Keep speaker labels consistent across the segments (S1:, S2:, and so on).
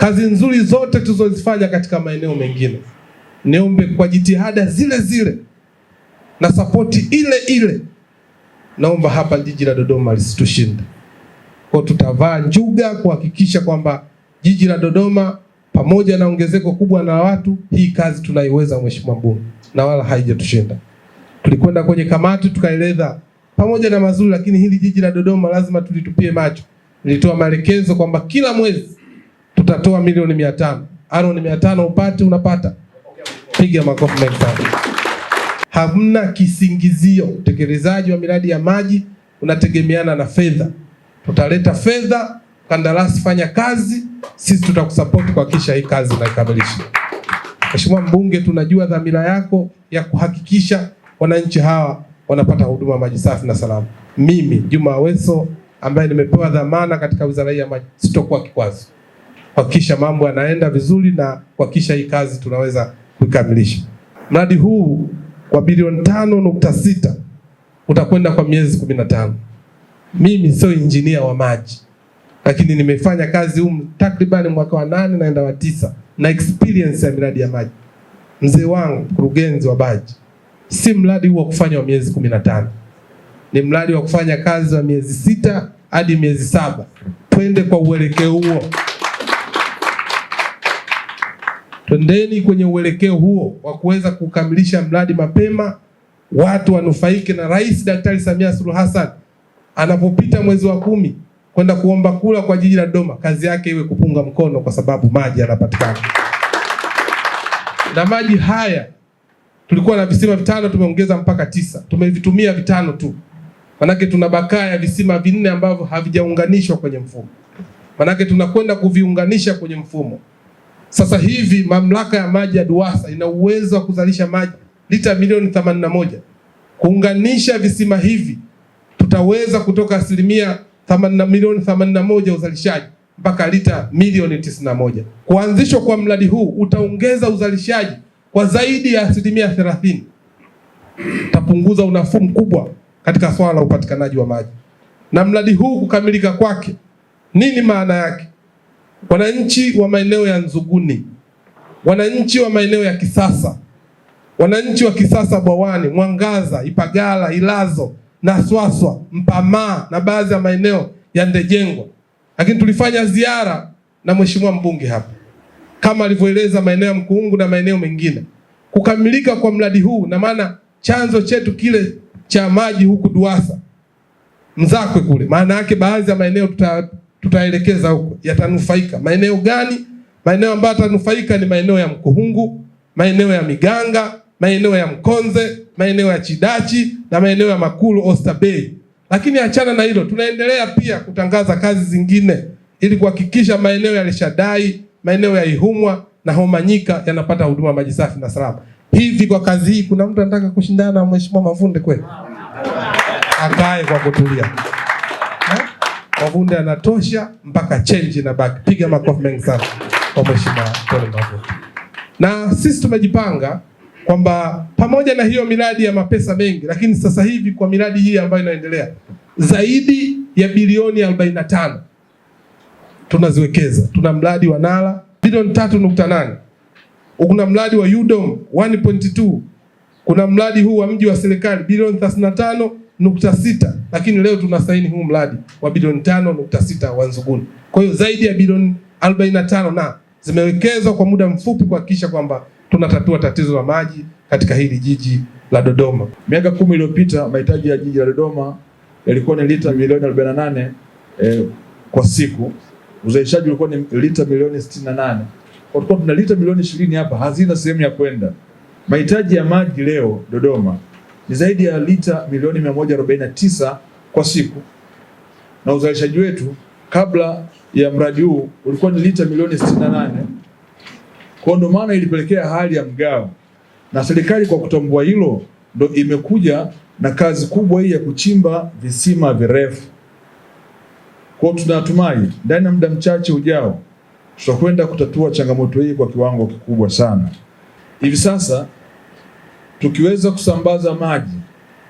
S1: kazi nzuri zote tulizozifanya katika maeneo mengine. Niombe kwa jitihada zile zile na sapoti ile ile, naomba hapa jiji la Dodoma lisitushinda. Kwa tutavaa njuga kuhakikisha kwamba jiji la Dodoma pamoja na ongezeko kubwa na watu, hii kazi tunaiweza, Mheshimiwa Mbunge, na wala haijatushinda. Tulikwenda kwenye kamati tukaeleza pamoja na mazuri, lakini hili jiji la Dodoma lazima tulitupie macho. Nilitoa maelekezo kwamba kila mwezi tutatoa milioni mia tano. Aaron mia tano upate unapata, piga makofi mengi sana. Hamna kisingizio. Utekelezaji wa miradi ya maji unategemeana na fedha. Tutaleta fedha, kandarasi fanya kazi, sisi tutakusapoti kuhakikisha hii kazi inakamilishwa. Mheshimiwa Mbunge, tunajua dhamira yako ya kuhakikisha wananchi hawa wanapata huduma maji safi na salama. Mimi Juma Aweso ambaye nimepewa dhamana katika wizara hii ya maji sitokuwa kikwazo kuhakikisha mambo yanaenda vizuri na kuhakikisha hii kazi tunaweza kuikamilisha. Mradi huu kwa bilioni tano nukta sita utakwenda kwa miezi kumi na tano. Mimi sio injinia wa maji, lakini nimefanya kazi humu takriban mwaka wa nane naenda wa tisa na experience ya miradi ya maji. Mzee wangu mkurugenzi wa maji, si mradi huu wa kufanya wa miezi kumi na tano, ni mradi wa kufanya kazi wa miezi sita hadi miezi saba. Twende kwa uelekeo huo. Twendeni kwenye uelekeo huo wa kuweza kukamilisha mradi mapema, watu wanufaike, na Rais Daktari Samia Suluhu Hassan anapopita mwezi wa kumi kwenda kuomba kula kwa jiji la Dodoma, kazi yake iwe kupunga mkono, kwa sababu maji yanapatikana na maji haya tulikuwa na visima vitano, tumeongeza mpaka tisa. Tumevitumia vitano tu, manake tuna bakaa ya visima vinne ambavyo havijaunganishwa kwenye mfumo, manake tunakwenda kuviunganisha kwenye mfumo. Sasa hivi mamlaka ya maji ya DUWASA ina uwezo wa kuzalisha maji lita milioni 81. Kuunganisha visima hivi tutaweza kutoka asilimia milioni 81 uzalishaji mpaka lita milioni 91. Kuanzishwa kwa mradi huu utaongeza uzalishaji kwa zaidi ya asilimia 30, tapunguza unafuu mkubwa katika swala la upatikanaji wa maji. Na mradi huu kukamilika kwake, nini maana yake? wananchi wa maeneo ya Nzuguni, wananchi wa maeneo ya Kisasa, wananchi wa Kisasa Bwawani, Mwangaza, Ipagala, Ilazo na Swaswa, Mpamaa na baadhi ya maeneo ya Ndejengwa. Lakini tulifanya ziara na mheshimiwa mbunge hapa kama alivyoeleza maeneo ya Mkuungu na maeneo mengine. Kukamilika kwa mradi huu na maana chanzo chetu kile cha maji huku Duasa Mzakwe kule, maana yake baadhi ya maeneo tuta tutaelekeza huko, yatanufaika maeneo gani? Maeneo ambayo yatanufaika ni maeneo ya Mkuhungu, maeneo ya Miganga, maeneo ya Mkonze, maeneo ya Chidachi na maeneo ya Makulu Oyster Bay. Lakini achana na hilo, tunaendelea pia kutangaza kazi zingine ili kuhakikisha maeneo ya Lishadai, maeneo ya Ihumwa na Homanyika yanapata huduma maji safi na salama. Hivi kwa kazi hii kuna mtu anataka kushindana na Mheshimiwa Mavunde kweli? Akae kwa kutulia. Mavunde anatosha mpaka change na back. Piga makofi mengi sana kwa Mheshimiwa Anthony Mavunde. Na sisi tumejipanga kwamba pamoja na hiyo miradi ya mapesa mengi, lakini sasa hivi kwa miradi hii ambayo inaendelea zaidi ya bilioni 45 tunaziwekeza. Tuna mradi wa Nala bilioni 3.8, kuna mradi wa UDOM 1.2, kuna mradi huu wa mji wa serikali bilioni 35 nukta sita lakini leo tunasaini huu mradi wa bilioni tano nukta sita wa Nzuguni. Kwa hiyo zaidi ya bilioni arobaini na tano na zimewekezwa kwa muda mfupi kuhakikisha kwamba tunatatua tatizo la maji katika hili jiji la Dodoma. Miaka kumi iliyopita mahitaji ya jiji la Dodoma yalikuwa ni lita milioni 48 eh, kwa siku. Uzalishaji ulikuwa ni lita milioni 68. Kwa tulikuwa tuna lita milioni 20 hapa hazina sehemu ya kwenda. Mahitaji ya maji leo Dodoma ni zaidi ya lita milioni 149 kwa siku, na uzalishaji wetu kabla ya mradi huu ulikuwa ni lita milioni 68. Kwa ndo maana ilipelekea hali ya mgao, na serikali kwa kutambua hilo ndo imekuja na kazi kubwa hii ya kuchimba visima virefu. Kwa tunatumai ndani ya muda mchache ujao tutakwenda kutatua changamoto hii kwa kiwango kikubwa sana. Hivi sasa tukiweza kusambaza maji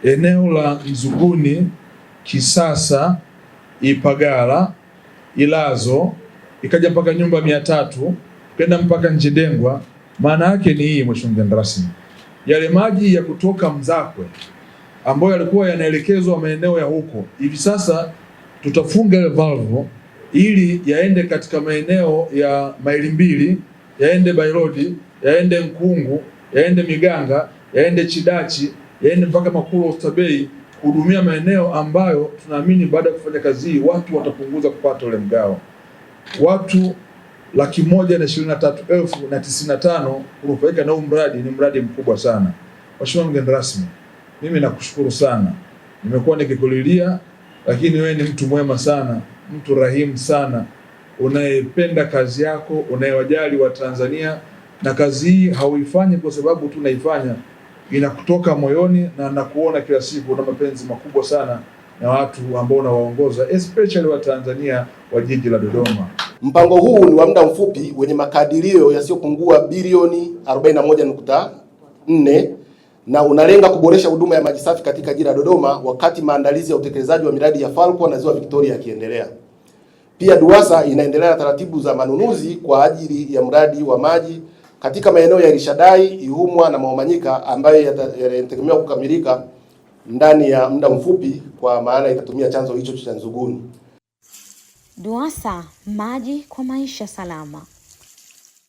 S1: eneo la Nzuguni, Kisasa, Ipagala, Ilazo ikaja mpaka nyumba mia tatu kenda mpaka Njedengwa. Maana yake ni hii, mheshimiwa mgeni rasmi, yale maji ya kutoka Mzakwe ambayo yalikuwa yanaelekezwa maeneo ya huko, hivi sasa tutafunga ile valve ili yaende katika maeneo ya maili mbili, yaende Bairodi, yaende Nkungu, yaende Miganga yaende Chidachi, yaende mpaka Makulu Oysterbay kuhudumia maeneo ambayo tunaamini baada ya kufanya kazi hii watu watapunguza kupata ule mgao. Watu laki moja na ishirini na tatu elfu na tisini na tano kunufaika na huu mradi. Ni mradi mkubwa sana. Mheshimiwa mgeni rasmi, mimi nakushukuru sana, nimekuwa nikikulilia, lakini wewe ni mtu mwema sana, mtu rahimu sana, unayependa kazi yako, unayewajali Watanzania, na kazi hii hauifanyi kwa sababu tu naifanya inakutoka moyoni na nakuona kila siku na mapenzi makubwa sana na watu ambao unawaongoza especially wa Tanzania wa jiji la Dodoma.
S2: Mpango huu ni wa muda mfupi wenye makadirio yasiyopungua bilioni 41.4 na unalenga kuboresha huduma ya maji safi katika jiji la Dodoma wakati maandalizi ya utekelezaji wa miradi ya Falco na Ziwa Victoria yakiendelea. Pia DUWASA inaendelea na taratibu za manunuzi kwa ajili ya mradi wa maji katika maeneo ya rishadai Ihumwa na Mwamanyika ambayo yanategemewa kukamilika ndani ya muda mfupi, kwa maana itatumia chanzo hicho cha Nzuguni. DUWASA maji kwa maisha salama.